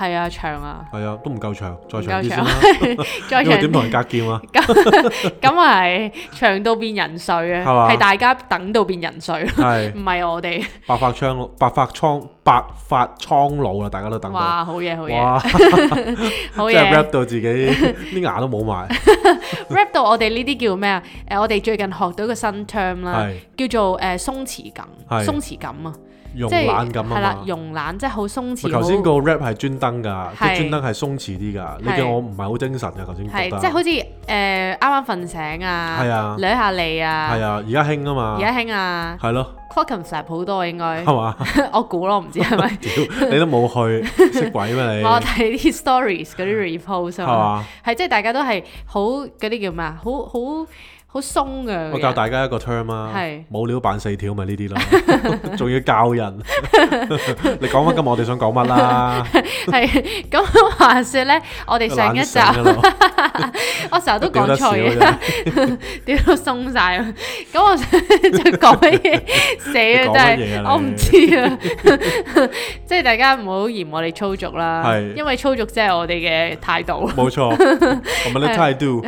係啊，長啊，係啊，都唔夠長，再長啲先，再長啲，因為點同人隔叫啊？咁咁係長到變人瑞啊？係嘛？係大家等到變人瑞係，唔係我哋白髮蒼，白髮蒼，白髮蒼老啊，大家都等到哇，好嘢，好嘢，好嘢！即 rap 到自己啲牙都冇埋，rap 到我哋呢啲叫咩啊？誒，我哋最近學到個新 term 啦，叫做誒鬆弛感，鬆弛感啊！慵懶咁啊嘛，慵懶即係好鬆弛。頭先個 rap 係專登㗎，即係專登係鬆弛啲㗎。你叫我唔係好精神㗎，頭先覺得。即係好似誒啱啱瞓醒啊，舐下脷啊。係啊，而家興啊嘛，而家興啊。係咯，cloaking flap 好多應該。係嘛？我估咯，唔知係咪。屌，你都冇去，識鬼咩你？我睇啲 stories 嗰啲 repost 啊嘛。係即係大家都係好嗰啲叫咩啊？好好。好鬆嘅。我教大家一個 term 啦，係冇料扮四條咪呢啲咯，仲要教人。你講翻今日我哋想講乜啦？係咁，話說咧，我哋上一集我成日都講錯嘢，屌得鬆晒。咁我就講乜嘢死啊？真係我唔知啊，即係大家唔好嫌我哋粗俗啦。係，因為粗俗即係我哋嘅態度。冇錯，我問你態度。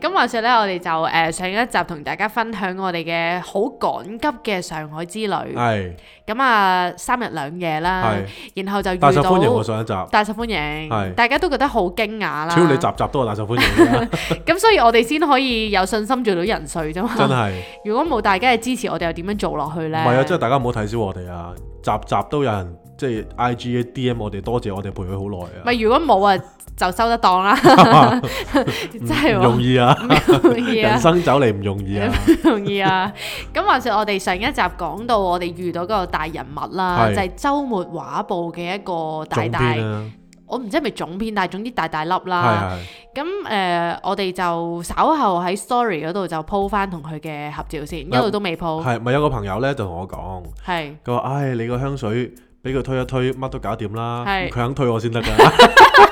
咁話說咧，我哋就誒。上一集同大家分享我哋嘅好趕急嘅上海之旅，係咁啊三日兩夜啦，然後就遇到大受歡迎。我上一集大受歡迎，係大家都覺得好驚訝啦。只要你集集都係大受歡迎啦，咁所以我哋先可以有信心做到人瑞啫嘛。真係，如果冇大家嘅支持，我哋又點樣做落去呢？唔係啊，即係大家唔好睇小我哋啊，集集都有人即係 IG DM，我哋多謝我哋陪佢好耐啊。唔係，如果冇啊？就收得當啦，真係容易啊！人生走嚟唔容易啊！唔容易啊！咁話說我哋上一集講到我哋遇到個大人物啦，就係週末畫報嘅一個大大，我唔知係咪總編，但係總之大大粒啦。咁誒，我哋就稍後喺 story 嗰度就鋪翻同佢嘅合照先，一路都未鋪。係咪有個朋友咧就同我講？係佢話，唉，你個香水俾佢推一推，乜都搞掂啦。佢肯推我先得㗎。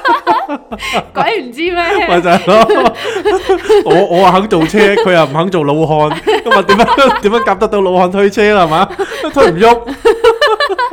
鬼唔知咩，咪就係咯。我我話肯做車，佢又唔肯做老漢，咁啊，點樣點樣夾得到老漢推車係嘛？推唔喐。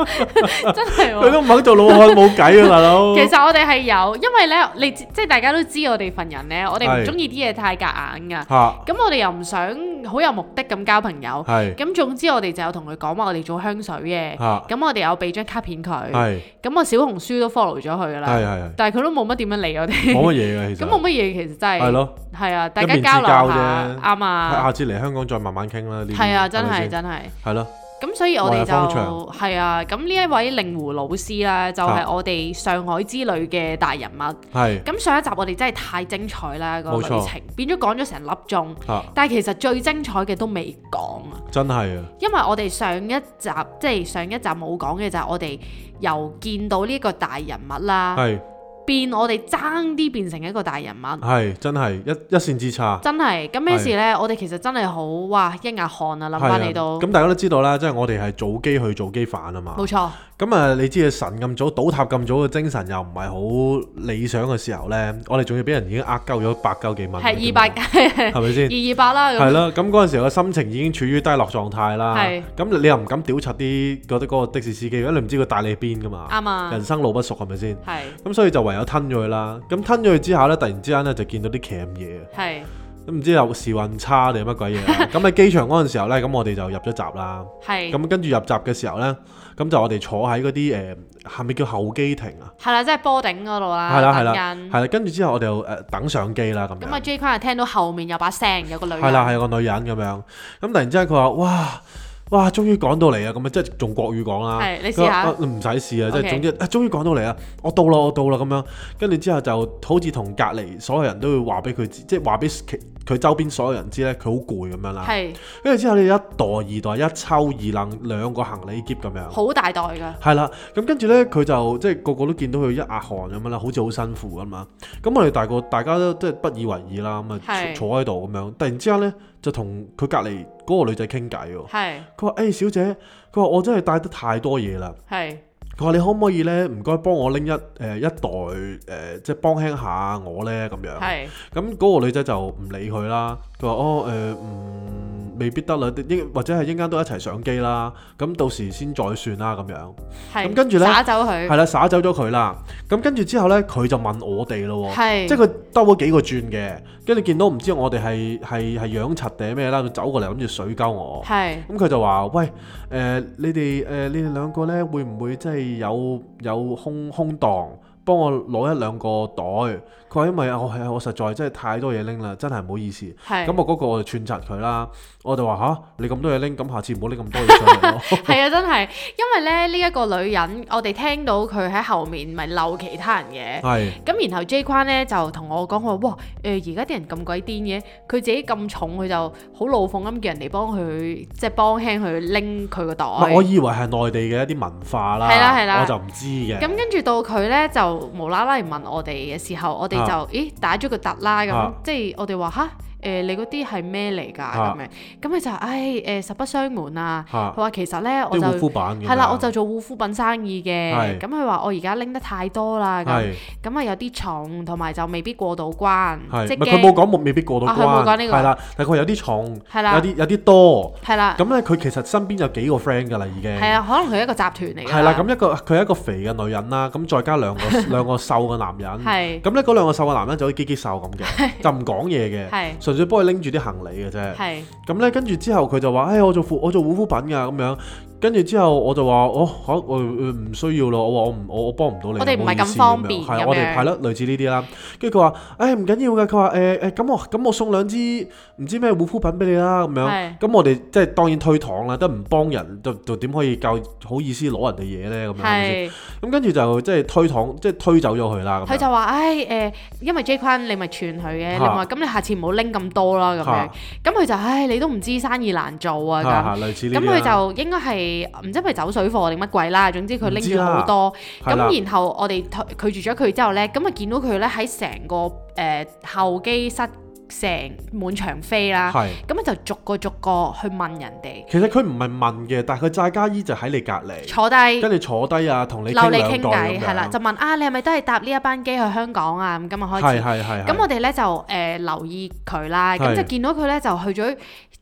真係，佢都唔肯做老闆，冇計啊，大佬。其實我哋係有，因為咧，你即係大家都知我哋份人咧，我哋唔中意啲嘢太夾硬噶。嚇！咁我哋又唔想好有目的咁交朋友。係。咁總之我哋就有同佢講話，我哋做香水嘅。嚇！咁我哋有俾張卡片佢。係。咁我小紅書都 follow 咗佢啦。係係。但係佢都冇乜點樣理我哋。冇乜嘢嘅，其實。咁冇乜嘢，其實真係。係咯。係啊，大家交流下啱啊。下次嚟香港再慢慢傾啦。係啊，真係真係。係咯。咁所以我哋就係啊，咁呢一位令狐老師啦，就係、係、我哋上海之旅嘅大人物。係係。咁上一集我哋真係太精彩啦、嗰個旅程，錯變咗講咗成粒鐘。係但係其實最精彩嘅都未講啊！真係啊！因為我哋上一集即係、就係、上一集冇講嘅就係我哋又見到呢個大人物啦。係。變我哋爭啲變成一個大人物，係真係一一線之差。真係咁咩事呢？是我哋其實真係好哇一額汗啊！諗翻嚟都咁，大家都知道啦，即係我哋係早機去早機返啊嘛。冇錯。咁啊、嗯嗯，你知道神咁早倒塔咁早嘅精神又唔係好理想嘅時候呢，我哋仲要俾人已經呃鳩咗百鳩幾蚊，係二百，係咪先？二二百啦。係咯、啊，咁嗰陣時嘅心情已經處於低落狀態啦。係是。咁你又唔敢屌柒啲嗰啲嗰個的士司機，如果你唔知佢帶你邊噶嘛。人生路不熟係咪先？係。咁是是所以就唯有吞咗佢啦，咁吞咗佢之後咧，突然之間咧就見到啲鉗嘢啊，係都唔知有時運差定乜鬼嘢。咁喺機場嗰陣時候咧，咁我哋就入咗閘啦，係咁跟住入閘嘅時候咧，咁就我哋坐喺嗰啲誒，係咪叫候機亭啊？係啦，即係波頂嗰度啦，係啦係啦，係啦，跟住之後我哋就誒等相機啦，咁。咁啊 J 框係聽到後面有把聲，有個女係啦，係個女人咁樣，咁突然之間佢話哇。哇！終於趕到嚟說啊，咁啊，即係用國語講啦。係，你唔使試啊，即係總之啊，終於趕到嚟啊。我到啦，我到啦咁樣。跟住之後就好似同隔離所有人都會話俾佢知，即係話俾佢周邊所有人知咧，佢好攰咁樣啦。係是。跟住之後，你一袋二袋，一抽二冷兩個行李喼咁樣。好大袋㗎。係啦。咁跟住咧，佢就即係個個都見到佢一額汗咁樣啦，好似好辛苦咁啊。咁我哋大個大家都即係不以為意啦。咁啊，是坐喺度咁樣。突然之間咧。就同佢隔離嗰個女仔傾偈喎，佢話是：誒、hey, 小姐，佢話我真係帶得太多嘢啦，佢話是你可唔可以咧唔該幫我拎一誒、呃、一袋誒，即、呃、係幫輕下我咧咁樣，咁嗰是、嗯嗰個女仔就唔理佢啦，佢話：哦、oh, 誒、呃、嗯。未必得或者都一上機啦，英或者係英間都一齊上機啦，咁到時先再算啦咁樣。咁是跟住咧，撒走佢，係啦，撒走咗佢啦。咁跟住之後咧，佢就問我哋咯，是即係佢兜咗幾個轉嘅，跟住見到唔知我哋係係係養塵定咩啦，佢走過嚟諗住水鳩我，咁佢是、嗯、就話：，喂，誒、呃，你哋誒、呃，你哋兩個咧，會唔會即係有有空空檔？幫我攞一兩個袋，佢話因為我係我實在真係太多嘢拎啦，真係唔好意思。咁我嗰個我就串窒佢啦，我就話吓，你咁多嘢拎，咁下次唔好拎咁多嘢上嚟咯。係啊，真係，因為咧呢一個女人，我哋聽到佢喺後面咪鬧其他人嘅。係。咁然後 J 框咧就同我講，我話哇誒，而家啲人咁鬼癲嘅，佢自己咁重，佢就好老奉咁叫人哋幫佢，即係幫輕佢拎佢個袋。我以為係內地嘅一啲文化啦，我就唔知嘅。咁跟住到佢咧就。無啦啦嚟問我哋嘅時候，我哋就，啊、咦，打咗個突啦咁，啊、即係我哋話嚇。哈誒你嗰啲係咩嚟㗎？咁樣咁佢就唉，誒實不相瞞啊！佢話其實咧我就護膚品係啦，我就做護膚品生意嘅。咁佢話我而家拎得太多啦，咁咁啊有啲重，同埋就未必過到關。即佢冇講冇未必過到關。係啦，但係佢有啲重，有啲有啲多。係啦，咁咧佢其實身邊有幾個 friend 㗎啦，已經係啊，可能佢一個集團嚟㗎。係啦，咁一個佢係一個肥嘅女人啦，咁再加兩個兩個瘦嘅男人。咁咧，嗰兩個瘦嘅男人就好嘰嘰瘦咁嘅，就唔講嘢嘅，就幫佢拎住啲行李嘅啫，咁咧跟住之後佢就話：誒、哎，我做護我做護膚品㗎咁樣。跟住之後我就話我可誒誒唔需要啦，我話我唔我我幫唔到你，我哋唔係咁方便。係啊，我哋係啦，類似呢啲啦。跟住佢話誒唔緊要㗎，佢話誒誒咁我咁我送兩支唔知咩護膚品俾你啦咁樣。係。咁我哋即係當然推搪啦，都唔幫人，就就點可以夠好意思攞人哋嘢咧咁樣？係。咁跟住就即係推搪，即係推走咗佢啦。佢就話誒誒，因為 J 君你咪串佢嘅，你話咁你下次唔好拎咁多啦咁樣。係。咁佢就誒你都唔知生意難做啊咁。係係，類似呢。咁佢就應該係。唔知係走水貨定乜鬼啦，總之佢拎咗好多，咁、啊、然後我哋拒、拒絕咗佢之後呢，咁啊見到佢呢喺成個誒、呃、候機室。成滿場飛啦，咁咧就逐個逐個去問人哋。其實佢唔係問嘅，但係佢債家姨就喺你隔離坐低，跟住坐低啊，同你傾下偈，係啦，就問啊，你係咪都係搭呢一班機去香港啊？咁今日開始，係係咁我哋咧就誒留意佢啦，咁就見到佢咧就去咗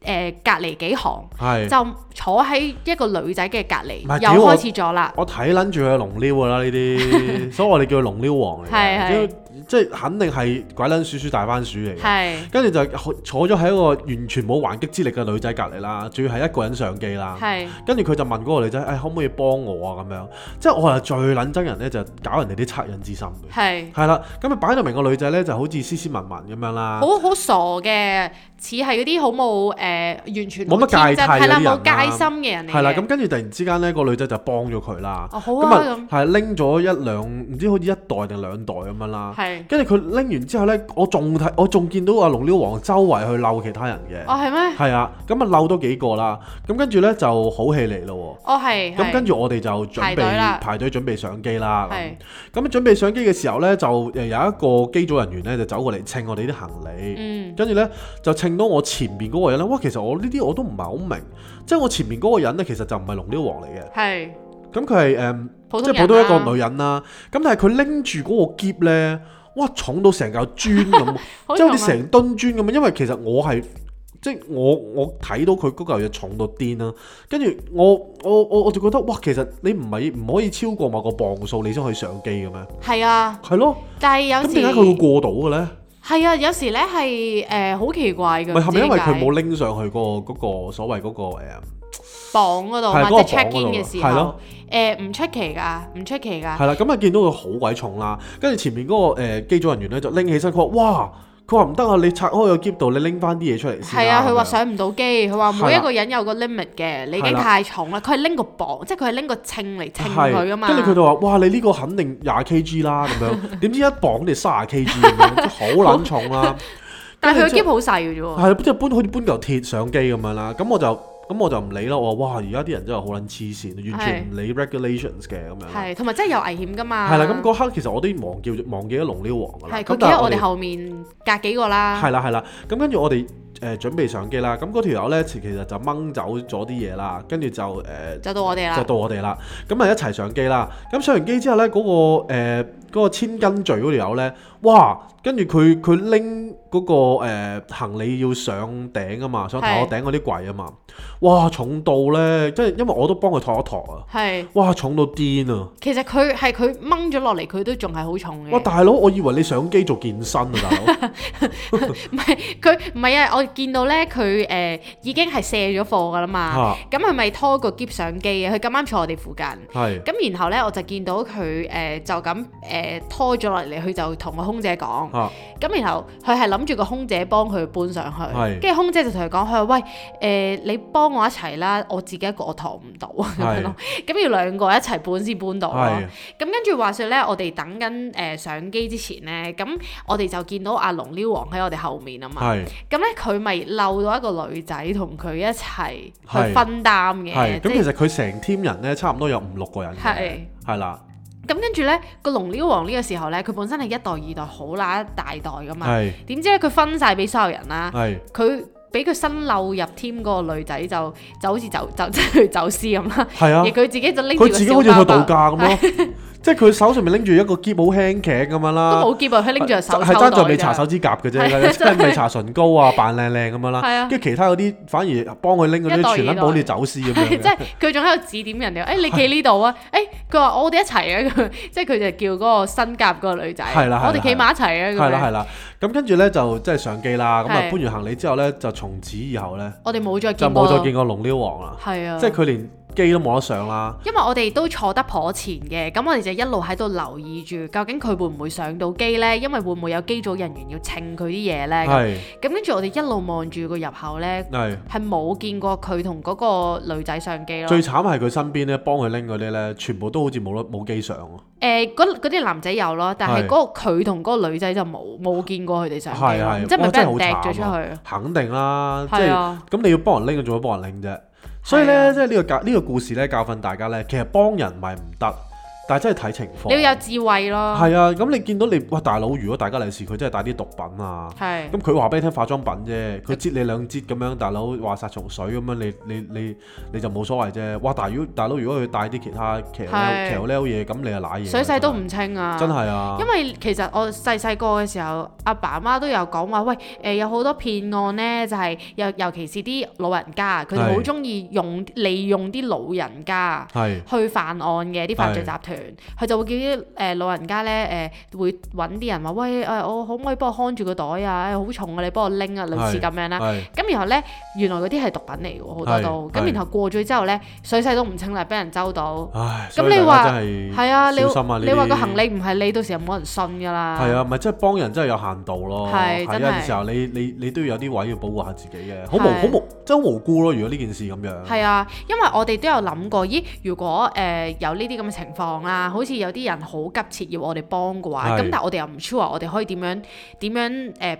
誒隔離幾行，就坐喺一個女仔嘅隔離又開始咗啦。我睇撚住佢係龍溜啦呢啲，所以我哋叫佢龍溜王嚟嘅，即係肯定係鬼撚鼠鼠大班鼠嚟嘅。係。跟住就坐咗喺一個完全冇還擊之力嘅女仔隔離啦，仲要係一個人上機啦。跟住佢就問嗰個女仔：誒、哎，可唔可以幫我啊？咁樣，即係我係最撚憎人咧，就係、搞人哋啲惻隱之心。係。係啦，咁就擺到明個女仔咧，就好似斯斯文文咁樣啦。好好傻嘅，似係嗰啲好冇誒，完全冇乜界線，係啦，冇戒心嘅人嚟嘅。係啦，咁跟住突然之間咧，個女仔就幫咗佢啦。咁、哦、好啊。咁係拎咗一兩，唔知好似一袋定兩袋咁樣啦。跟住佢拎完之後咧，我仲睇，我仲見到。龍溜王周圍去鬧其他人嘅。哦係咩？係啊，咁啊鬧多幾個啦，咁跟住咧就好戲嚟咯。哦係，咁跟住我哋就準備排隊準備上機啦。係，咁，嗯，準備上機嘅時候咧，就誒有一個機組人員咧就走過嚟稱我哋啲行李。嗯，跟住咧就稱到我前面嗰個人咧，哇！其實我呢啲我都唔係好明，即係我前面嗰個人咧，其實就唔係龍溜王嚟嘅。係，咁佢係誒，即係，嗯，普、啊、普通一個女人啦。咁但係佢拎住嗰個箧咧。哇！重到成嚿磚咁， 啊、即係好似成噸磚咁啊！因為其實我係即係我我睇到佢嗰嚿嘢重到癲啦，跟住我我我我就覺得哇！其實你唔係唔可以超過某個磅數，你先可以上機嘅咩？係啊，係咯，但係有咁點解佢會過到嘅咧？係啊，有時咧係誒好奇怪嘅。唔係係咪因為佢冇拎上去、嗰個嗰、個所謂嗰、個、呃綁嗰度，即係 check in 嘅時候，誒，唔出奇噶，唔出奇噶。係啦，咁啊見到佢好鬼重啦，跟住前面嗰個誒，機組人員咧就拎起身佢話，哇，佢話唔得啊，你拆開個喼度，你拎翻啲嘢出嚟先。係啊，佢話上唔到機，佢話每一個人有個 limit 嘅，你已經太重啦。佢係拎個磅，即係佢係拎個稱嚟稱佢噶嘛。跟住佢就話，哇，你呢個肯定廿 kg 啦，咁樣，點知一磅你卅 kg 咁樣，好撚重啊。但係佢個喼好細嘅啫。係，即係搬好似搬嚿鐵上機咁樣啦。咁我就。咁我就唔理啦，我話哇，而家啲人真係好撚黐線，是完全唔理 regulations 嘅咁樣。係，同埋真係有危險噶嘛。係啦，咁嗰刻其實我都忘記忘記咗龍啲王㗎啦。係的，佢企喺我哋後面隔幾個啦。係啦係啦，咁跟住我哋誒、呃、準備上機啦。咁嗰條友咧其其實就掹走咗啲嘢啦，跟住就誒、呃、就到我哋啦，就到我哋啦。咁咪一齊上機啦。咁上完機之後咧，嗰個、呃嗰個千斤墜嗰條友咧，哇！跟住佢佢拎嗰個行李要上頂啊嘛，上頭頂嗰啲櫃啊嘛，哇！重到咧，即係因為我都幫佢托一托啊，係哇！重到癲啊！其實佢係佢掹咗落嚟，佢都仲係好重嘅。哇！大佬，我以為你上機做健身啊，大佬，唔係佢唔係啊！我見到咧佢誒已經係卸咗貨噶啦嘛，咁係咪拖個機上機啊？佢咁啱坐我哋附近，係咁，然後咧我就見到佢誒就咁誒。拖咗落嚟，佢就同個空姐講，咁然後佢係諗住個空姐幫佢搬上去，跟住、啊、空姐就同佢講：佢話喂，誒、呃、你幫我一齊啦，我自己一個抬唔到咁樣咯，咁要兩個一齊搬先搬到。咁跟住話説呢，我哋等緊誒、呃、上機之前呢，咁我哋就見到阿龍撩王喺我哋後面啊嘛，咁呢，佢咪撩到一個女仔同佢一齊去分擔嘅。咁，其實佢成 team 人呢，差唔多有五六個人嘅，係啦。咁跟住咧，個龍雕王呢個時候咧，佢本身係一代二代好啦，一大代㗎嘛。係點是的 知咧，佢分晒俾所有人啦。係佢俾佢新溜入添嗰個女仔，就好就好似走走即係走私咁啦。係啊的，而佢自己就拎住佢自己好似去度假咁咯。即係佢手上面拎住一個夾好輕嘅咁樣啦，都冇夾啊，佢拎住個手係爭在未搽手指甲嘅啫，跟住未搽唇膏啊，扮靚靚咁樣啦。跟住其他嗰啲反而幫佢拎嗰啲全銀寶啲走私咁樣。即係佢仲喺度指點人哋，誒你企呢度啊，誒佢話我哋一齊啊咁。即係佢就叫嗰個新夾嗰個女仔。係啦我哋企埋一齊啊。係啦係啦，咁跟住咧就即係上機啦。咁啊搬完行李之後咧，就從此以後咧，我哋冇再冇再見過龍溜王啦。係啊，即係佢連。機都冇得上啦，因為我哋都坐得頗前嘅，咁我哋就一路喺度留意住，究竟佢會唔會上到機呢？因為會唔會有機組人員要稱佢啲嘢呢？係是。咁跟住我哋一路望住個入口呢，係是。冇見過佢同嗰個女仔上機咯。最慘係佢身邊咧，幫佢拎嗰啲呢，全部都好似冇得冇機上喎。嗰啲、欸、男仔有咯，但係嗰佢同嗰個女仔就冇冇是見過佢哋上機咯，即係咪俾人掟咗、啊、出去？肯定啦、啊，即係咁你要幫人拎，佢做乜幫人拎啫？所以咧，即係呢個教呢個故事咧，教訓大家咧，其實幫人咪唔得。但係真係睇情況，你要有智慧咯。係啊，咁、嗯、你見到你喂大佬，如果大家嚟試佢真係帶啲毒品啊，係咁佢話俾你聽化妝品啫，佢折你兩折咁樣，大佬話殺蟲水咁樣，你你你你就冇所謂啫。哇！但係大佬如果佢帶啲其他騎是騎呢佬嘢，咁你又賴嘢。水洗都唔清啊！真係啊！因為其實我細細個嘅時候，阿爸阿媽都有講話，喂誒，有好多騙案呢，就係、是、尤尤其是啲老人家，佢哋好中意用是利用啲老人家去犯案嘅啲犯罪集團。佢就會叫啲誒老人家咧誒，會揾啲人話：喂誒，我可唔可以幫我看住個袋啊？好重啊，你幫我拎啊，類似咁樣啦。咁然後咧，原來嗰啲係毒品嚟㗎喎，好多都。咁然後過咗之後咧，水勢都唔清啦，俾人摣到。唉，咁你話係啊？你你話個行李唔係你，到時又冇人信㗎啦。係啊，咪即係幫人真係有限度咯。係真係。有時候你你你都要有啲位要保護下自己嘅，好無好無真係好無辜咯。如果呢件事咁樣。係啊，因為我哋都有諗過，咦？如果誒有呢啲咁嘅情況。啦，好似有啲人好急切要我哋幫嘅話，咁的但係我哋又唔 sure 我哋可以點樣點樣誒、呃、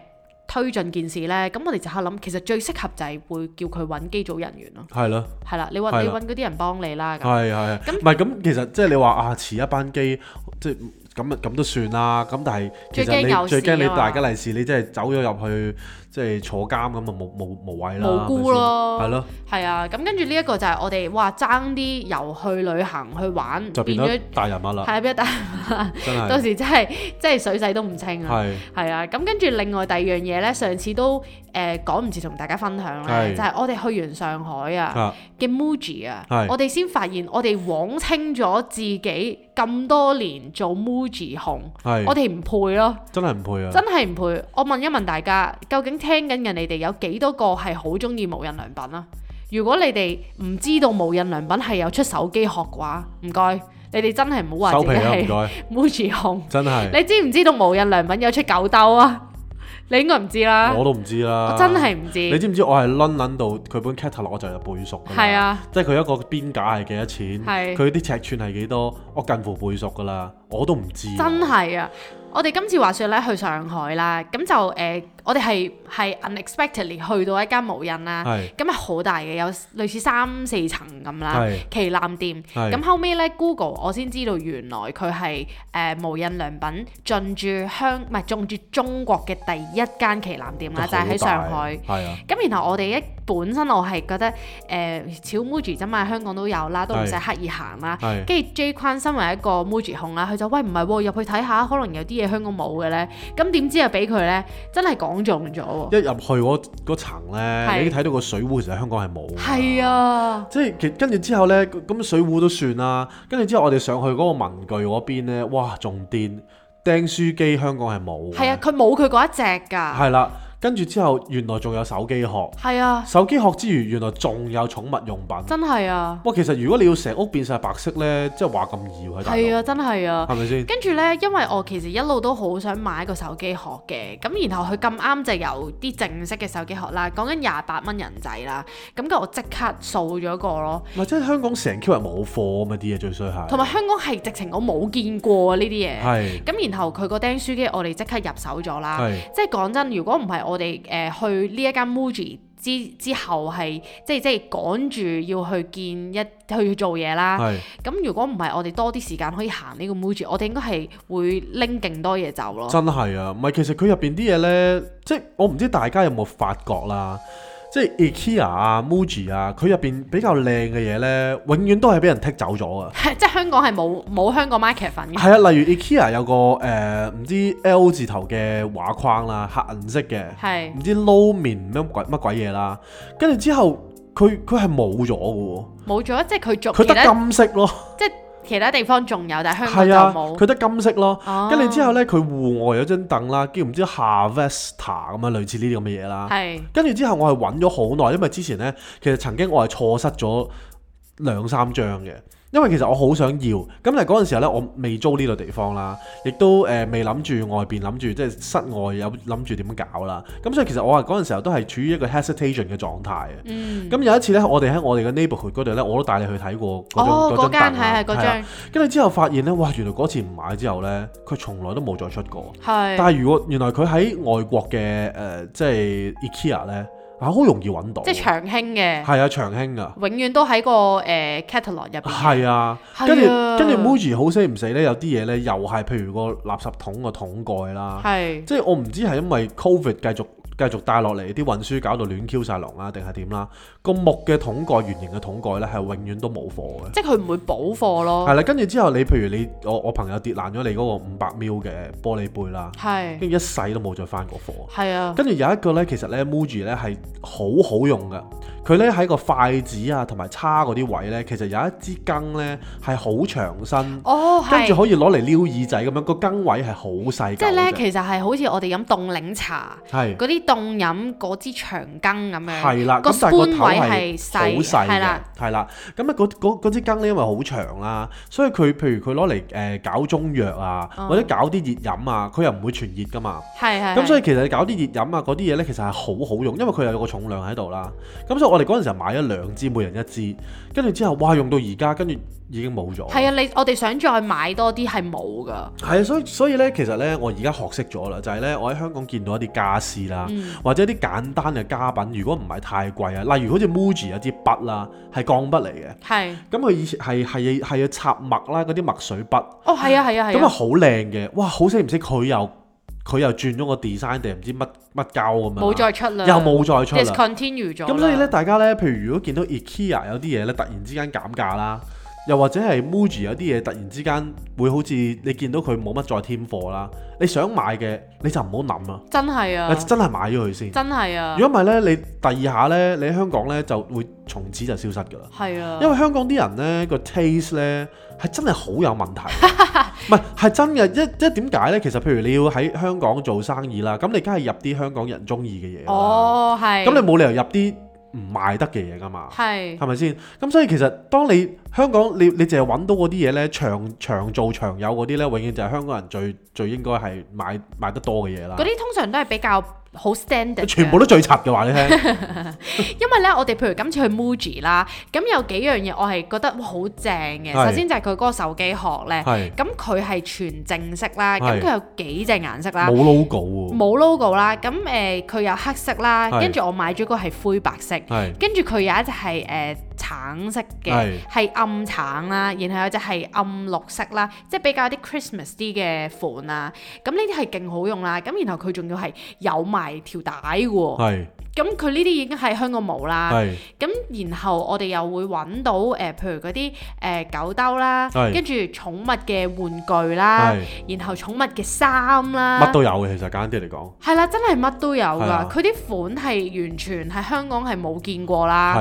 推進件事呢。咁我哋就喺諗，其實最適合就係會叫佢揾機組人員咯。係咯的，係啦，你揾你揾嗰啲人幫你啦。係係，咁唔係咁，樣的其實即係、就是、你話啊，遲一班機，即係咁咁都算啦。咁但係其實你最驚你大吉利是，你真係走咗入去。即係坐監咁啊，冇冇冇謂啦。無辜咯，係咯，係啊。咁跟住呢一個就係我哋哇爭啲遊去旅行去玩，就變咗大人物啦，係變咗大人物。真係，到時真係真係水洗都唔清啊。係，係啊。咁跟住另外第二樣嘢咧，上次都誒講唔切同大家分享咧，就係我哋去完上海啊嘅 Muji 啊，我哋先發現我哋枉稱咗自己咁多年做 Muji 控，係，我哋唔配咯，真係唔配啊，真係唔配。我問一問大家，究竟？聽緊人，你哋有幾多個係好中意無印良品啊？如果你哋唔知道無印良品係有出手機殼嘅話，唔該，你哋真係唔好話自己係 MUJI 控。真係，你知唔知道無印良品有出狗兜啊？你應該唔知啦。我都唔知啦，我真係唔知。你知唔知我係撚撚到佢本 catalog 我就有背熟㗎啦？係啊，即係佢一個邊價係幾多錢？係佢啲尺寸係幾多？我近乎背熟㗎啦，我都唔知。真係啊！我哋今次話説咧去上海啦，咁就誒。我哋係係 unexpectedly 去到一間無印啦，咁係好大嘅，有類似三四層咁啦，是旗艦店。咁是、嗯、後尾咧，Google 我先知道原來佢係誒無印良品進駐香唔係進駐中國嘅第一間旗艦店啦，就係喺上海。係咁、啊、然後我哋一本身我係覺得誒似 Muji 啫嘛，香港都有啦，都唔使刻意行啦。係是。跟住 J 框身為一個 Muji 控啦，佢就喂唔係喎，入、哦、去睇下，可能有啲嘢香港冇嘅咧。咁點知啊，俾佢咧真係講。講中咗一入去嗰嗰層呢，呢係你睇到個水壺其實香港係冇，係啊，即係跟住之後呢，咁水壺都算啦。跟住之後我哋上去嗰個文具嗰邊呢，哇，仲癲釘書機，香港係冇，係啊，佢冇佢嗰一隻㗎，係啦。跟住之後，原來仲有手機殼，係啊！手機殼之餘，原來仲有寵物用品，真係啊！哇，其實如果你要成屋變晒白色呢，即係話咁易喎喺大陸，係啊，真係啊，係咪先？跟住呢，因為我其實一路都好想買個手機殼嘅，咁然後佢咁啱就有啲正式嘅手機殼啦，講緊廿八蚊人仔啦，咁我即刻掃咗一個咯。唔係、啊，即係香港成 Q 日冇貨啊嘛啲嘢最衰係，同埋香港係直情我冇見過呢啲嘢，係。咁是然後佢個釘書機我哋即刻入手咗啦，是即係講真，如果唔係我。我哋誒去呢一間 Moody 之之後係即係即係趕住要去見一去做嘢啦。咁如果唔係，我哋多啲時間可以行呢個 m o o i y 我哋應該係會拎勁多嘢走咯。真係啊，唔係其實佢入邊啲嘢呢，即係我唔知大家有冇發覺啦。即係 IKEA 啊、MUJI 啊，佢入邊比較靚嘅嘢咧，永遠都係俾人剔走咗啊。 即係香港係冇冇香港 market 份嘅。係啊，例如 IKEA 有個誒、呃、唔知 L 字頭嘅畫框啦，黑銀色嘅，係唔是知 low 面咩鬼乜鬼嘢啦，跟住之後佢佢係冇咗嘅喎。冇咗，即係佢做佢得金色咯。即係。其他地方仲有，但係香港就冇。佢得、啊、金色咯。跟住、哦、之後呢，佢戶外有張凳啦，叫唔知下 Vesta 咁樣，類似呢啲咁嘅嘢啦。跟住之後，我係揾咗好耐，因為之前呢，其實曾經我係錯失咗兩三張嘅。因為其實我好想要，咁但係嗰陣時候呢，我未租呢個地方啦，亦都誒、呃、未諗住外邊諗住即係室外有諗住點搞啦。咁所以其實我話嗰陣時候都係處於一個 hesitation 嘅狀態嘅。咁、嗯、有一次呢，我哋喺我哋嘅 neighborhood 嗰度呢，我都帶你去睇過嗰種嗰張凳。哦，嗰間係係嗰張。跟住之後發現呢，哇！原來嗰次唔買之後呢，佢從來都冇再出過。係。但係如果原來佢喺外國嘅誒、呃，即係 IKEA 呢。啊，好容易揾到，即係長興嘅，係啊，長興啊，永遠都喺、個誒、呃、catalog 入邊，係啊，跟住跟住 Muji 好死唔死咧，有啲嘢咧，又係譬如個垃圾桶個桶蓋啦，係是，即係我唔知係因為 COVID 繼續。繼續帶落嚟啲運輸搞到亂 Q 晒龍啊，定係點啦？個木嘅桶蓋、圓形嘅桶蓋咧，係永遠都冇貨嘅。即係佢唔會補貨咯。係啦，跟住之後你譬如你我我朋友跌爛咗你嗰個五百 ml 嘅玻璃杯啦，係是，跟住一世都冇再翻過貨。係啊。跟住有一個咧，其實咧，Muji 咧係好好用嘅。佢咧喺個筷子啊同埋叉嗰啲位咧，其實有一支羹咧係好長身，哦，跟住可以攞嚟撩耳仔咁樣。個羹位係好細。即係咧，其實係好似我哋飲凍檸茶係啲。凍飲嗰支長羹咁樣，係啦了，個頭係好細，係啦了，係啦。咁啊，嗰個嗰支羹咧，因為好長啦，所以佢，譬如佢攞嚟誒搞中藥啊，嗯、或者搞啲熱飲啊，佢又唔會存熱噶嘛。係係。咁所以其實你搞啲熱飲啊，嗰啲嘢咧，其實係好好用，因為佢有個重量喺度啦。咁所以我哋嗰陣時候買咗兩支，每人一支，跟住之後，哇，用到而家，跟住。已經冇咗，係啊！你我哋想再買多啲係冇噶。係啊，所以所以咧，其實咧，我而家學識咗啦，就係、是、咧，我喺香港見到一啲家私啦、啊，嗯、或者一啲簡單嘅家品，如果唔係太貴啊，例如好似 Muji 有啲支筆啦、啊，係鋼筆嚟嘅。係是。咁佢以前係係係要插墨啦，嗰啲墨水筆。哦，係啊，係啊，係。咁啊，好靚嘅，哇！好識唔識佢又佢又轉咗個 design 定唔知乜乜膠咁樣。冇再出啦。又冇再出啦。Discontinue 咗。咁所以咧，大家咧，譬如如果見到 IKEA 有啲嘢咧，突然之間減價啦。又或者係 Muji 有啲嘢突然之間會好似你見到佢冇乜再添貨啦，你想買嘅你就唔好諗啦，真係啊，真係買咗佢先，真係啊。如果唔係咧，你第二下咧，你喺香港咧就會從此就消失㗎啦。係啊，因為香港啲人咧，個 taste 咧係真係好有問題，唔係係真嘅，即即點解咧？其實譬如你要喺香港做生意啦，咁你梗係入啲香港人中意嘅嘢。哦，係。咁你冇理由入啲。唔賣得嘅嘢㗎嘛，係是，係咪先？咁所以其實，當你香港你你淨係揾到嗰啲嘢呢，長長做長有嗰啲呢，永遠就係香港人最最應該係買買得多嘅嘢啦。嗰啲通常都係比較好 standard，全部都最插嘅話你聽，因為咧我哋譬如今次去 Muji 啦，咁有幾樣嘢我係覺得哇好正嘅。首先就係佢嗰個手機殼咧，咁佢係全淨色啦，咁佢有幾隻顏色啦？冇 logo 喎，冇 logo 啦，咁誒佢有黑色啦，跟住我買咗個係灰白色，跟住佢有一隻係誒橙色嘅，係暗橙啦，然後有隻係暗綠色啦，即係比較啲 Christmas 啲嘅款啊，咁呢啲係勁好用啦，咁然後佢仲要係有賣。係條帶噶。哎咁佢呢啲已經喺香港冇啦，咁是然後我哋又會揾到誒、呃，譬如嗰啲誒狗兜啦，跟住是寵物嘅玩具啦，是然後寵物嘅衫啦，乜都有嘅。其實簡單啲嚟講，係啦、啊，真係乜都有㗎。佢啲、啊、款係完全喺香港係冇見過啦。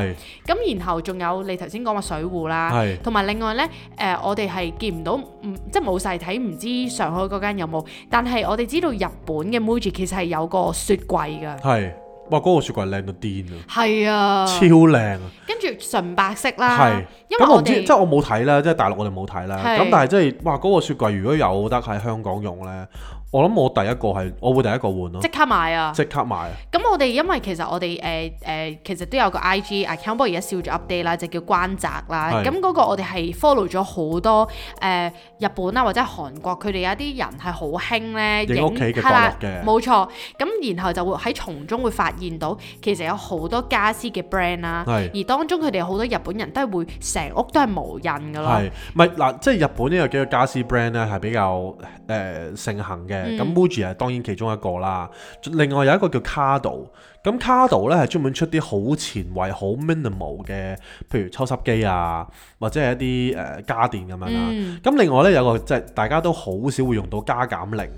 咁是然後仲有你頭先講話水壺啦，同埋是另外呢，誒、呃，我哋係見唔到，呃、即係冇晒睇，唔知上海嗰間有冇。但係我哋知道日本嘅 Muji 其實係有個雪櫃㗎。的哇！嗰個雪櫃靚到癲啊！係啊，超靚啊！跟住純白色啦，係。咁我唔知，即係我冇睇啦，即係大陸我哋冇睇啦。咁但係即係，哇！嗰個雪櫃如果有得喺香港用咧～我諗我第一個係，我會第一個換咯，即刻買啊！即刻買啊！咁我哋因為其實我哋誒誒，其實都有個 IG account，不過而家少咗 update 啦，就叫關閘啦。咁嗰是個我哋係 follow 咗好多誒、呃、日本啦、啊，或者韓國，佢哋有一啲人係好興咧影屋企嘅。冇、啊、錯。咁然後就會喺從中會發現到，其實有好多家私嘅 brand 啦，是而當中佢哋好多日本人都係會成屋都係無印噶咯。係，嗱，即係日本呢有幾個家私 brand 咧係比較誒、呃、盛行嘅。咁 Muji 係當然其中一個啦，另外有一個叫 Cardo，咁 Cardo 咧係專門出啲好前衞、好 minimal 嘅，譬如抽濕機啊，或者係一啲誒家電咁樣啦。咁、嗯、另外咧有個即係大家都好少會用到加減零。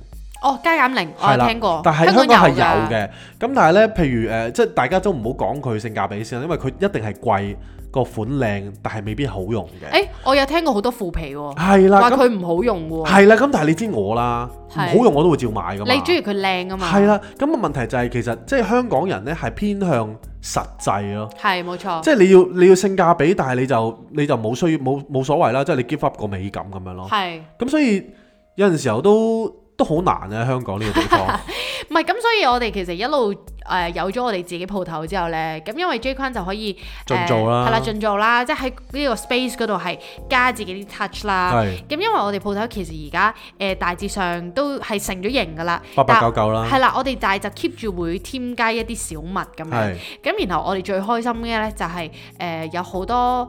哦，加減零，我有聽過。但係香港係有嘅，咁但係咧，譬如誒，即係大家都唔好講佢性價比先啦，因為佢一定係貴個款靚，但係未必好用嘅。誒，我有聽過好多腐皮喎、哦，話佢唔好用喎。係啦，咁但係你知我啦，唔好用我都會照買噶嘛。你中意佢靚啊嘛？係啦，咁個問題就係其實即係香港人咧係偏向實際咯，係冇錯。即係你要你要性價比，但係你就你就冇需要冇冇所謂啦，即係你 give up 個美感咁樣咯。係。咁所以有陣時候都。都好難咧、啊，香港呢個地方。唔係， 咁所以我哋其實一路誒、呃、有咗我哋自己鋪頭之後呢，咁因為 J 框就可以、呃、進做啦，係啦，進做啦，即係喺呢個 space 嗰度係加自己啲 touch 啦。咁是因為我哋鋪頭其實而家誒大致上都係成咗型㗎啦，八八九九啦。係啦，我哋就係就 keep 住會添加一啲小物咁樣。咁是然後我哋最開心嘅呢就係、是、誒、呃、有好多。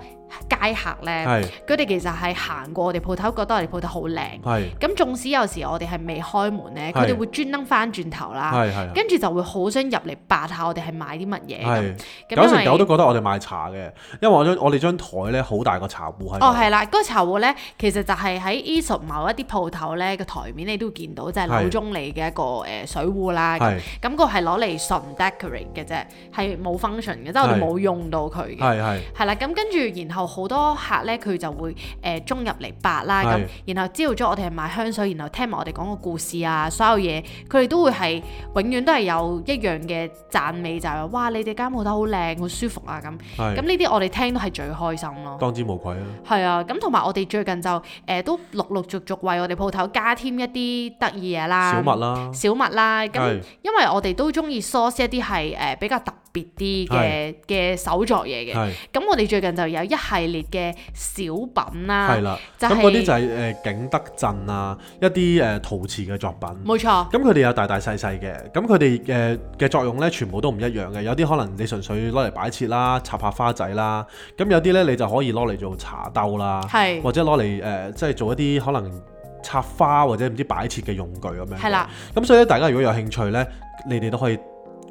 街客咧，佢哋是其實係行過我哋鋪頭，覺得我哋鋪頭好靚。係咁是，縱使有時我哋係未開門咧，佢哋會專登翻轉頭啦。係係，跟住就會好想入嚟八下我哋係買啲乜嘢？係有是樣九成九我都覺得我哋賣茶嘅，因為我張我哋張台咧好大個茶壺係。哦係啦，嗰個茶壺咧其實就係喺 Eshop 某一啲鋪頭咧個台面你都會見到，就係老中理嘅一個誒水壺啦。係咁個係攞嚟純 decorate 嘅啫，係冇 function 嘅，即係是我哋冇用到佢嘅。係係係啦，咁跟住然後。然後好多客咧，佢就會誒、呃、中入嚟八啦咁，是然後朝早我哋係賣香水，然後聽埋我哋講個故事啊，所有嘢佢哋都會係永遠都係有一樣嘅讚美，就係、是、哇你哋間鋪頭好靚，好舒服啊咁。係咁呢啲我哋聽都係最開心咯。當之無愧啊。係啊，咁同埋我哋最近就誒、呃、都陸陸續續為我哋鋪頭加添一啲得意嘢啦。小物啦。小物啦，咁是因為我哋都中意 source 一啲係誒比較特。啲嘅嘅手作嘢嘅，咁我哋最近就有一系列嘅小品啦，係啦，咁嗰啲就係誒景德鎮啊一啲誒陶瓷嘅作品，冇錯，咁佢哋有大大細細嘅，咁佢哋嘅嘅作用咧，全部都唔一樣嘅。有啲可能你純粹攞嚟擺設啦，插下花仔啦，咁有啲咧你就可以攞嚟做茶兜啦，或者攞嚟誒即係做一啲可能插花或者唔知擺設嘅用具咁樣，係啦，咁所以咧，大家如果有興趣咧，你哋都可以。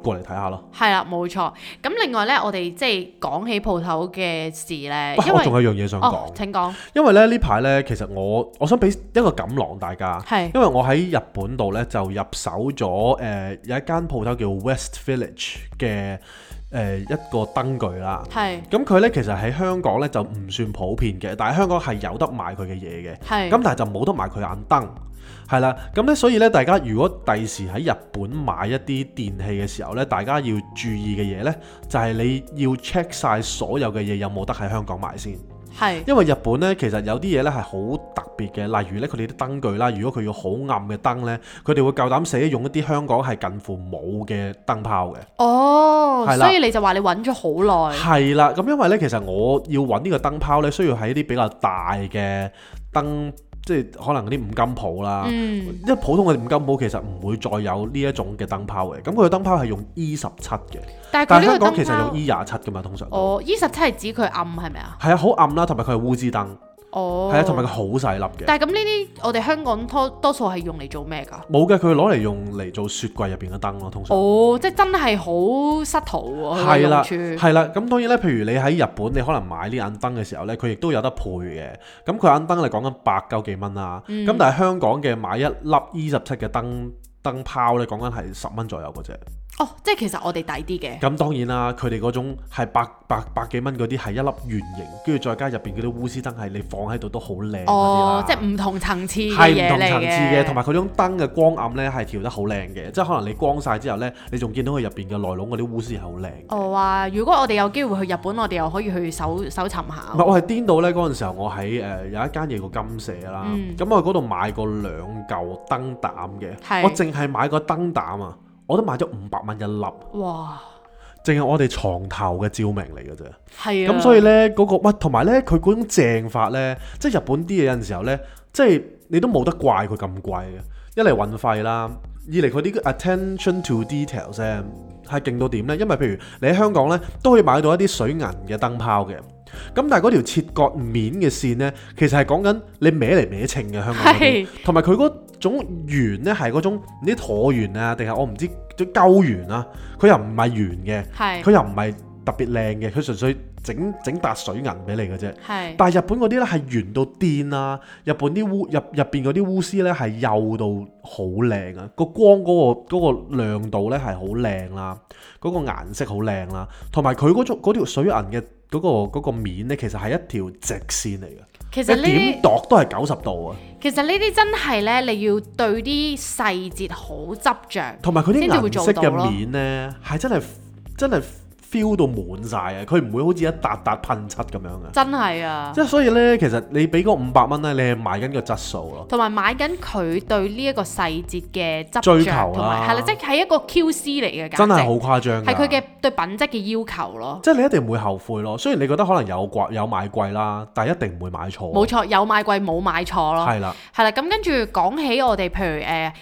過嚟睇下咯，係啦、啊，冇錯。咁另外呢，我哋即係講起鋪頭嘅事咧為，我仲有一樣嘢想講、哦。請講。因為咧呢排呢，其實我我想俾一個錦囊大家，係是因為我喺日本度呢，就入手咗誒、呃、有一間鋪頭叫 West Village 嘅誒、呃、一個燈具啦，係是。咁佢呢，其實喺香港呢就唔算普遍嘅，但係香港係有得買佢嘅嘢嘅，係是。咁但係就冇得買佢眼燈。係啦，咁咧，所以咧，大家如果第時喺日本買一啲電器嘅時候咧，大家要注意嘅嘢咧，就係、是、你要 check 晒所有嘅嘢有冇得喺香港買先。係是，因為日本咧，其實有啲嘢咧係好特別嘅，例如咧，佢哋啲燈具啦，如果佢要好暗嘅燈咧，佢哋會夠膽死用一啲香港係近乎冇嘅燈泡嘅。哦、oh, 了，係啦，所以你就話你揾咗好耐。係啦，咁因為咧，其實我要揾呢個燈泡咧，需要喺啲比較大嘅燈。即係可能啲五金鋪啦，嗯、因為普通嘅五金鋪其實唔會再有呢一種嘅燈泡嘅，咁佢嘅燈泡係用 E 十七嘅，但係呢個香港其實用 E 廿七嘅嘛，通常。哦，E 十七係指佢暗係咪啊？係啊，好暗啦，同埋佢係烏絲燈。哦，係啊，同埋佢好細粒嘅。但係咁呢啲，我哋香港多多數係用嚟做咩噶？冇嘅，佢攞嚟用嚟做雪櫃入邊嘅燈咯，通常。哦，即係真係好失土喎、啊。係啦了，係啦。咁當然咧，譬如你喺日本，你可能買呢盞燈嘅時候咧，佢亦都有得配嘅。咁佢盞燈咧講緊百九幾蚊啦。咁、嗯、但係香港嘅買一粒 E17 嘅燈燈泡咧，講緊係十蚊左右嗰隻。哦，oh, 即係其實我哋抵啲嘅。咁當然啦，佢哋嗰種係百百百幾蚊嗰啲係一粒圓形，跟住再加入邊嗰啲烏絲燈，係你放喺度都好靚。哦，oh, 即係唔同層次嘅，唔同層次嘅，同埋佢種燈嘅光暗咧係調得好靚嘅，即係可能你光晒之後咧，你仲見到佢入邊嘅內籠嗰啲烏絲係好靚。哦、oh, 啊！如果我哋有機會去日本，我哋又可以去搜搜尋下。唔係，我係顛到咧嗰陣時候我，我喺誒有一間嘢個金社啦，咁、嗯、我嗰度買過兩嚿燈膽嘅，是我淨係買個燈膽啊。我都買咗五百蚊一粒，哇！淨係我哋床頭嘅照明嚟嘅啫，係啊。咁所以咧嗰個，哇！同埋咧佢嗰種正法咧，即係日本啲嘢有陣時候咧，即係你都冇得怪佢咁貴嘅。一嚟運費啦，二嚟佢啲 attention to details 啫，係勁到點咧？因為譬如你喺香港咧都可以買到一啲水銀嘅燈泡嘅。咁但係嗰條切割面嘅線咧，其實係講緊你歪嚟歪秤嘅香港面，同埋佢嗰種圓咧係嗰種啲橢圓啊，定係我唔知啲鳩圓啊？佢又唔係圓嘅，佢是又唔係特別靚嘅，佢純粹整整笪水銀俾你嘅啫。是但係日本嗰啲咧係圓到癲啦，啊，日本啲烏入入邊嗰啲鎢絲咧係幼到好靚啊，光嗰個光嗰個個亮度咧係好靚啦，嗰、啊嗰個顏色好靚啦，同埋佢嗰種條水銀嘅。嗰、嗰個嗰個面咧，其實係一條直線嚟嘅，一點度都係九十度啊！其實呢啲真係咧，你要對啲細節好執着。同埋佢啲顏色嘅面咧，係真係真係。feel 到滿晒，塊塊啊！佢唔會好似一笪笪噴漆咁樣嘅，真係啊！即係所以咧，其實你俾嗰五百蚊咧，你係買緊個質素咯，同埋買緊佢對呢一個細節嘅執追求同埋係啦，即係、係、一個 QC 嚟嘅價值，真係好誇張，係佢嘅對品質嘅要求咯。即係你一定唔會後悔咯。雖然你覺得可能有貴有買貴啦，但係一定唔會買錯。冇錯，有買貴冇買錯咯。係啦的，係啦。咁跟住講起我哋，譬如誒。呃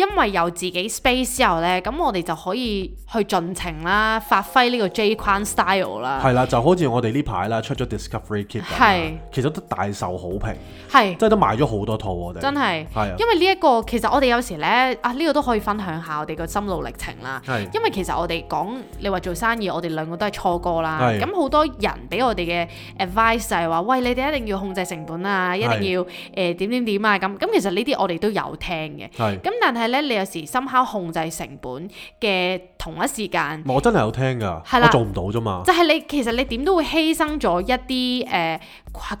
因為有自己 space 之後咧，咁我哋就可以去盡情啦，發揮呢個 J 框 style 啦。係啦，就好似我哋呢排啦，出咗 Discovery Kit，係，其實都大受好評，係是，即係都買咗好多套我哋，真係，係，因為呢、這、一個其實我哋有時咧啊，呢、這個都可以分享下我哋個心路歷程啦。係，因為其實我哋講你話做生意，我哋兩個都係初哥啦。係是，咁好多人俾我哋嘅 advice 就係話喂，你哋一定要控制成本啊，一定要誒點點點啊咁。咁、呃、其實呢啲我哋都有聽嘅。係是，咁但係。咧，你有時深刻控制成本嘅同一時間，我真係有聽㗎，我做唔到啫嘛。就係你其實你點都會犧牲咗一啲誒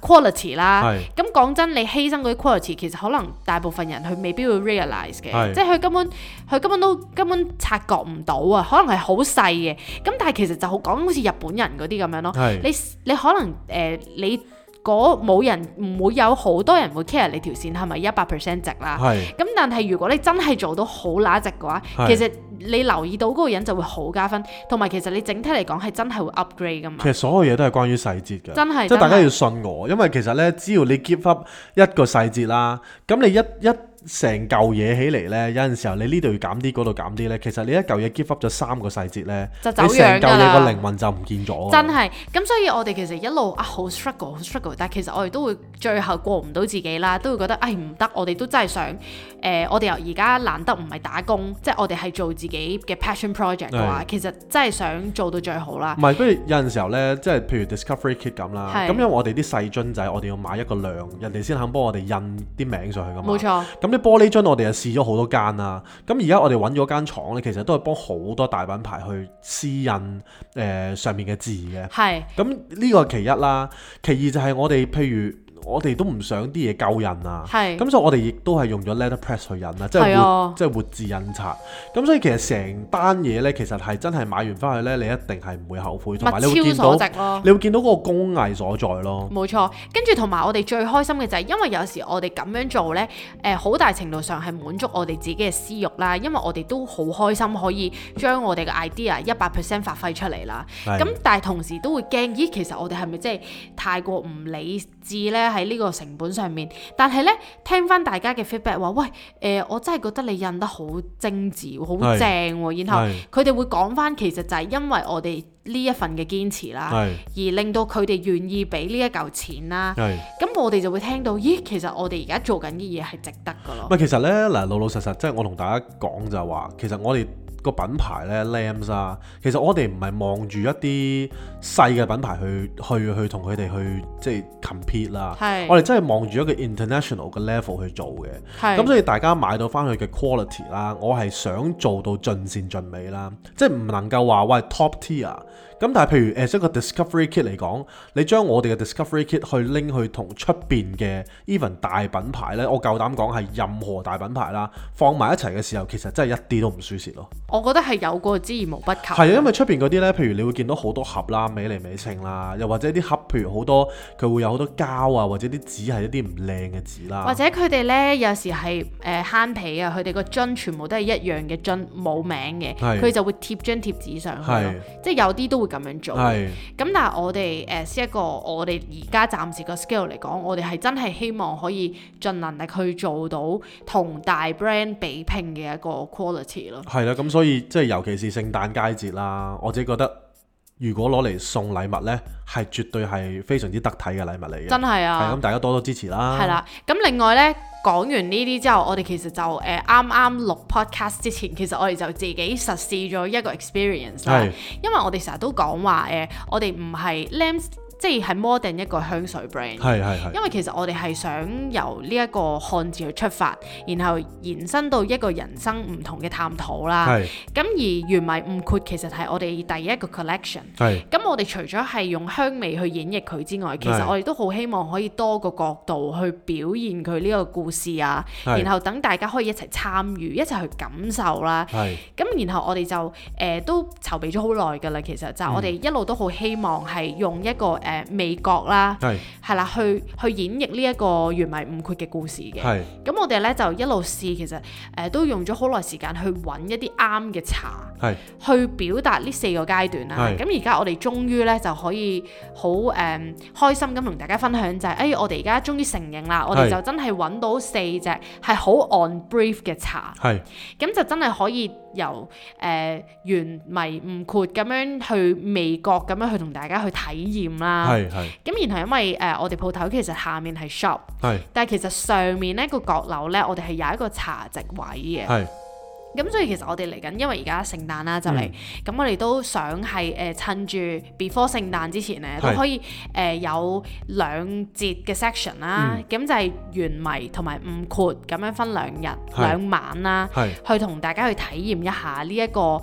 quality 啦。咁講真，你犧牲嗰啲 quality，其實可能大部分人佢未必會 realize 嘅，即係佢根本佢根本都根本察覺唔到啊。可能係好細嘅，咁但係其實就好講好似日本人嗰啲咁樣咯。你你可能誒你。冇人唔會有好多人會 care 你條線係咪一百 percent 值啦。咁是但係如果你真係做到好乸值嘅話，是其實你留意到嗰個人就會好加分，同埋其實你整體嚟講係真係會 upgrade 噶嘛。其實所有嘢都係關於細節㗎，真的即係大家要信我，因為其實呢，只要你 keep up 一個細節啦，咁你一一。成嚿嘢起嚟呢，有陣時候你呢度要減啲，嗰度減啲呢。其實你一嚿嘢 give up 咗三個細節呢，就走樣，成嚿嘢個靈魂就唔見咗。真係，咁所以我哋其實一路啊好 struggle，好 struggle，但係其實我哋都會最後過唔到自己啦，都會覺得唉，唔得，我哋都真係想誒、呃，我哋由而家難得唔係打工，即係我哋係做自己嘅 passion project 嘅話，嗯、其實真係想做到最好啦。唔係、嗯，不如有陣時候呢，即係譬如 discovery kit 咁啦，咁是因為我哋啲細樽仔，我哋要買一個量，人哋先肯幫我哋印啲名上去㗎嘛。冇錯。啲玻璃樽我哋又試咗好多間啦，咁而家我哋揾咗間廠咧，其實都係幫好多大品牌去絲印誒、呃、上面嘅字嘅。係是。咁呢個係其一啦，其二就係我哋譬如。我哋都唔想啲嘢舊人啊，咁是所以我哋亦都係用咗 letterpress 去印、就是、啊，即係即係活字印刷。咁所以其實成單嘢咧，其實係真係買完翻去咧，你一定係唔會後悔。你會物超所值咯、啊，你會見到嗰個工藝所在咯。冇錯，跟住同埋我哋最開心嘅就係，因為有時我哋咁樣做咧，誒、呃、好大程度上係滿足我哋自己嘅私欲啦。因為我哋都好開心可以 將我哋嘅 idea 一百 percent 發揮出嚟啦。咁的但係同時都會驚，咦其實我哋係咪真係太過唔理？字咧喺呢個成本上面，但係呢，聽翻大家嘅 feedback 話，喂誒、呃，我真係覺得你印得好精緻，好正、啊、是然後佢哋會講翻，其實就係因為我哋呢一份嘅堅持啦，是而令到佢哋願意俾呢一嚿錢啦。咁是我哋就會聽到，咦，其實我哋而家做緊嘅嘢係值得噶咯。唔其實呢，嗱，老老實實即係我同大家講就話、是，其實我哋，個品牌咧，Lambs 啊，其實我哋唔係望住一啲細嘅品牌去去去同佢哋去即係 compete 啦。係是，我哋真係望住一個 international 嘅 level 去做嘅。係是，咁所以大家買到返去嘅 quality 啦，我係想做到盡善盡美啦，即係唔能夠話喂 top tier。咁但係譬如誒即、欸、個 discovery kit 嚟講，你將我哋嘅 discovery kit 去拎去同出邊嘅 even 大品牌咧，我夠膽講係任何大品牌啦，放埋一齊嘅時候，其實真係一啲都唔輸蝕咯。我覺得係有過之而無不及。係啊，因為出邊啲咧，譬如你會見到好多盒啦，美麗美稱啦，又或者啲盒，譬如好多佢會有好多膠啊，或者啲紙係一啲唔靚嘅紙啦。或者佢哋咧有時係誒慳皮啊，佢哋個樽全部都係一樣嘅樽，冇名嘅，佢是就會貼張貼紙上去，即係有啲都會。咁樣做，咁的但係我哋誒，一個我哋而家暫時個 scale 嚟講，我哋係真係希望可以盡能力去做到同大 brand 比拼嘅一個 quality 咯。係啦，咁所以即係尤其是聖誕佳節啦，我自己覺得如果攞嚟送禮物呢，係絕對係非常之得體嘅禮物嚟嘅。真係的啊！係咁，大家多多支持啦。係啦，咁另外呢。講完呢啲之後，我哋其實就誒啱啱錄 podcast 之前，其實我哋就自己實試咗一個 experience 啦的。因為我哋成日都講話誒、呃，我哋唔係 Lamps。即係係 modern 一個香水 brand，因為其實我哋係想由呢一個漢字去出發，然後延伸到一個人生唔同嘅探討啦。咁是而原米唔闊其實係我哋第一個 collection 是。咁我哋除咗係用香味去演繹佢之外，其實我哋都好希望可以多個角度去表現佢呢個故事啊。是然後等大家可以一齊參與，一齊去感受啦。咁是然後我哋就誒、呃、都籌備咗好耐噶啦。其實就我哋一路都好希望係用一個。呃誒美國啦，係係啦，去去演繹呢一個完美無缺嘅故事嘅，咁的我哋咧就一路試，其實誒、呃、都用咗好耐時間去揾一啲啱嘅茶，的去表達呢四個階段啦。咁而家我哋終於咧就可以好誒、um, 開心咁同大家分享就係、是，哎我哋而家終於承認啦，我哋就真係揾到四隻係好 on brief 嘅茶，係咁的就真係可以。由誒，遠、呃、迷唔括咁樣去美國，咁樣去同大家去體驗啦。係咁然後因為誒、呃，我哋鋪頭其實下面係 shop，是但係其實上面呢個閣樓呢，我哋係有一個茶席位嘅。咁所以其實我哋嚟緊，因為而家聖誕啦就嚟，咁、嗯、我哋都想係誒、呃、趁住 before 聖誕之前呢是都可以誒、呃、有兩節嘅 section 啦、啊，咁、嗯、就係原迷同埋唔括，咁樣分兩日是兩晚啦、啊，是去同大家去體驗一下呢、這、一個誒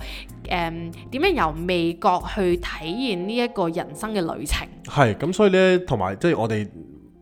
點、呃、樣由味覺去體驗呢一個人生嘅旅程。係，咁所以呢，同埋即係我哋。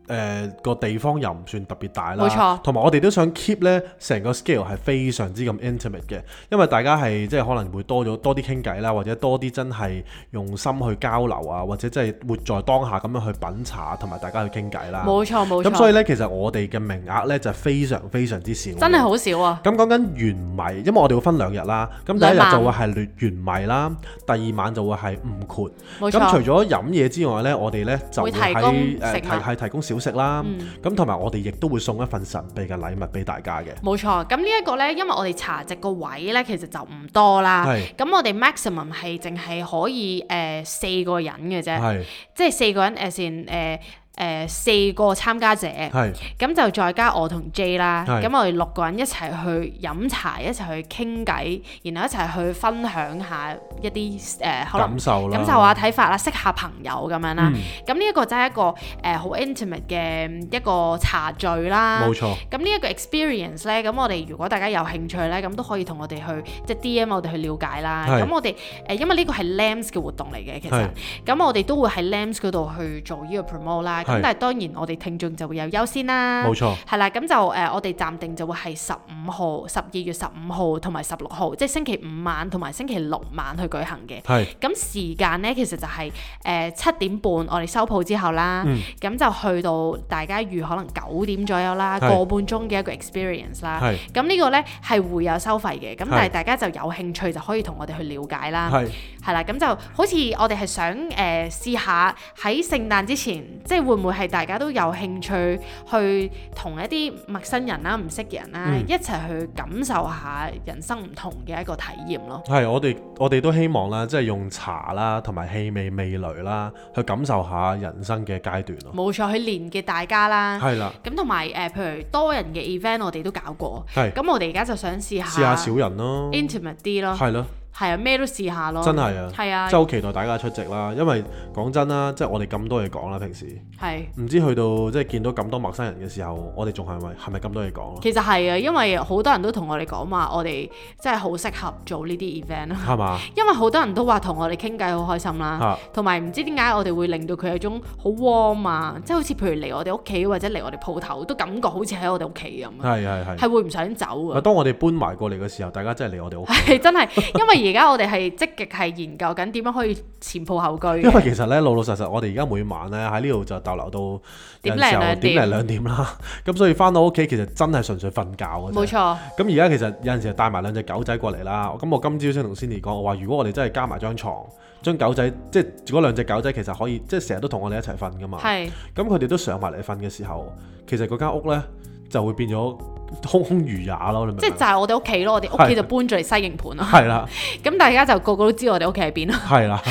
誒、呃、個地方又唔算特別大啦，冇錯。同埋我哋都想 keep 咧，成個 scale 係非常之咁 intimate 嘅，因為大家係即係可能會多咗多啲傾偈啦，或者多啲真係用心去交流啊，或者真係活在當下咁樣去品茶同埋大家去傾偈啦。冇錯冇錯。咁所以呢，其實我哋嘅名額呢就是、非常非常之少。真係好少啊！咁、嗯、講緊圓米，因為我哋會分兩日啦，咁第一日就會係略圓米啦，第二晚就會係吳潑。冇錯。咁除咗飲嘢之外呢，我哋呢就會喺提供少、呃。食啦，咁同埋我哋亦都會送一份神秘嘅禮物俾大家嘅。冇錯，咁呢一個呢，因為我哋茶席個位呢，其實就唔多啦。咁係，我哋 maximum 係淨係可以誒四個人嘅啫，係，即係四個人誒先誒。呃誒、呃、四個參加者，咁是就再加我同 J 啦，咁是我哋六個人一齊去飲茶，一齊去傾偈，然後一齊去分享一下一啲誒、呃、感受啦，感受啊、睇法啦、啊，識下朋友咁樣啦、啊。咁呢、嗯、一個真係、呃、一個誒好 intimate 嘅一個茶聚啦。冇錯。咁呢一個 experience 咧，咁我哋如果大家有興趣咧，咁都可以同我哋去即係 DM 我哋去了解啦。咁是我哋誒、呃、因為呢個係 Lands 嘅活動嚟嘅，其實，咁是我哋都會喺 Lands 嗰度去做呢個 promote 啦。咁但係當然，我哋聽眾就會有優先啦。冇錯錯，係啦，咁就誒、呃、我哋暫定就會係十五號、十二月十五號同埋十六號，即係星期五晚同埋星期六晚去舉行嘅。係是。咁時間咧，其實就係誒七點半，我哋收鋪之後啦。嗯。咁就去到大家預可能九點左右啦，是個半鐘嘅一個 experience 啦。係是。咁呢個咧係會有收費嘅，咁是但係大家就有興趣就可以同我哋去了解啦。係係啦，咁就好似我哋係想誒試、呃、下喺聖誕之前，即係會。唔會係大家都有興趣去同一啲陌生人啦、唔識嘅人啦，一齊去感受下人生唔同嘅一個體驗咯。係我哋我哋都希望啦，即係用茶啦，同埋氣味味蕾啦，去感受下人生嘅階段咯。冇錯，去連結大家啦，係啦，咁同埋誒，譬如多人嘅 event 我哋都搞過，係咁我哋而家就想試下試下少人咯，intimate 啲咯，係咯。係啊，咩都試下咯！真係啊，係啊，真係好期待大家出席啦，因為講真啦，即係我哋咁多嘢講啦，平時係唔是知去到即係見到咁多陌生人嘅時候，我哋仲係咪係咪咁多嘢講？其實係啊，因為好多人都同我哋講話，我哋真係好適合做呢啲 event 啦，係嘛吧？因為好多人都話同我哋傾偈好開心啦，同埋唔知點解我哋會令到佢有種好 warm 啊，即係好似譬如嚟我哋屋企或者嚟我哋鋪頭都感覺好似喺我哋屋企咁，係係係，係會唔想走啊。當我哋搬埋過嚟嘅時候，大家真係嚟我哋屋真係，因為。 而家我哋係積極係研究緊點樣可以前鋪後居。因為其實咧老老實實，我哋而家每晚咧喺呢度就逗留到有時候點幾兩點。點幾兩點啦，咁所以翻到屋企其實真係純粹瞓覺嘅。冇錯。咁而家其實有陣時帶埋兩隻狗仔過嚟啦。咁我今朝先同 Sandy 講，我話如果我哋真係加埋張床，將狗仔即係嗰兩隻狗仔其實可以即係成日都同我哋一齊瞓噶嘛？係是。咁佢哋都上埋嚟瞓嘅時候，其實嗰間屋咧就會變咗。空空如也咯，即係就係我哋屋企咯，我哋屋企就搬咗嚟西營盤咯。係啦，咁大家就個個都知我哋屋企喺邊咯。係啦，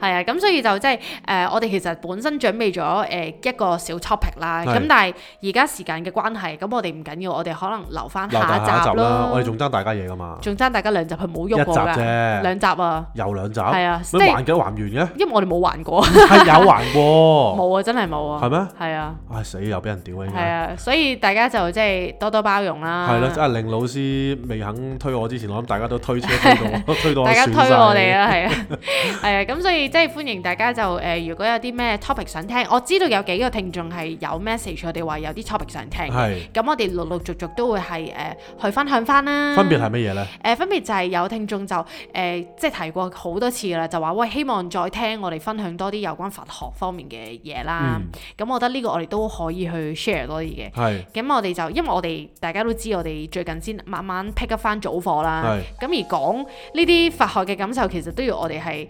係啊，咁所以就即係誒，我哋其實本身準備咗誒一個小 topic 啦，咁但係而家時間嘅關係，咁我哋唔緊要，我哋可能留翻下一集咯。我哋仲爭大家嘢噶嘛？仲爭大家兩集佢冇喐過嘅，兩集啊，又兩集係啊，即係還咗還完嘅？因為我哋冇還過，係有還過，冇啊，真係冇啊，係咩？係啊，唉死，又俾人屌啊，依家係啊，所以大家就即係。多多包容啦，係啦，即係令老師未肯推我之前，我諗大家都推車 推到， 大家推我哋啦，係啊， 係啊，咁所以即係歡迎大家就誒、呃、如果有啲咩 topic 想聽，我知道有幾個聽眾係有 message，我哋話有啲 topic 想聽，嘅的，咁我哋陸陸續續都會係誒、呃、去分享翻啦、呃。分別係乜嘢咧？誒分別就係有聽眾就誒、呃、即係提過好多次啦，就話喂、呃，希望再聽我哋分享多啲有關佛學方面嘅嘢啦。咁、嗯、我覺得呢個我哋都可以去 share 多啲嘅。係，咁我哋就因為我哋。大家都知我哋最近先慢慢 pick up 翻早課啦，咁是而講呢啲佛學嘅感受，其實都要我哋係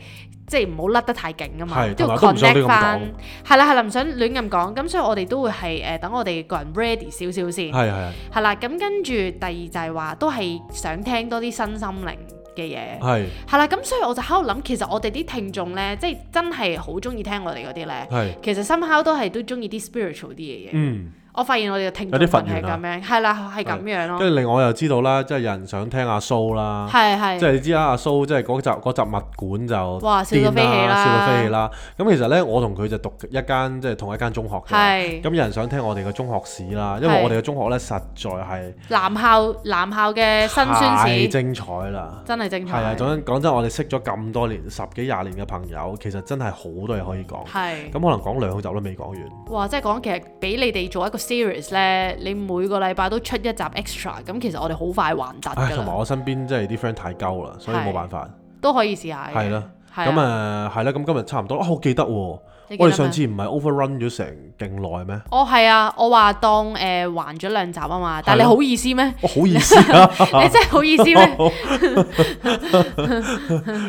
即係唔好甩得太勁啊嘛，是都要 connect 翻。係啦，係啦，唔想亂咁講，咁所以我哋都會係誒、呃、等我哋個人 ready 少少先。係係。係啦，咁跟住第二就係話都係想聽多啲新心靈嘅嘢。係是。係啦，咁所以我就喺度諗，其實我哋啲聽眾咧，即係真係好中意聽我哋嗰啲咧。是其實 somehow 都係都中意啲 spiritual 啲嘢嘅。嗯。我發現我哋嘅聽眾群係咁樣，係啦，係咁樣咯。跟住另外我又知道啦，即係有人想聽阿蘇啦，係係，即係你知啦，阿蘇即係嗰集嗰集物管就哇，笑到癲啦，笑到飛起啦。咁其實咧，我同佢就讀一間即係同一間中學嘅。咁有人想聽我哋嘅中學史啦，因為我哋嘅中學咧實在係男校男校嘅辛酸史，精彩啦，真係精彩。係啊，總之講真，我哋識咗咁多年，十幾廿年嘅朋友，其實真係好多嘢可以講。咁可能講兩集都未講完。哇！即係講其實俾你哋做一個。series 咧，你每個禮拜都出一集 extra，咁其實我哋好快完集。同埋我身邊真係啲 friend 太鳩啦，所以冇辦法都可以試下。係啦的，咁誒係啦，咁的的今日差唔多。好、哦、記得喎。我哋、哦、上次唔係 overrun 咗成勁耐咩？哦，係啊，我話當誒還咗兩集啊嘛，但係你好意思咩？我好意思啊， 你真係好意思咩？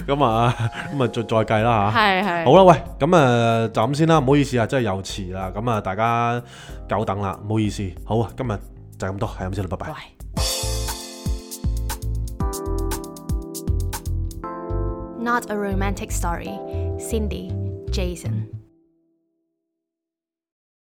咁啊，咁啊，再再計啦吓，係係是，好啦，喂，咁、嗯、啊就咁先啦，唔好意思啊，真係又遲啦，咁啊大家久等啦，唔好意思，好啊，今日就咁多，係咁先啦，拜拜。Bye. Not a romantic story. Cindy, Jason.Mm.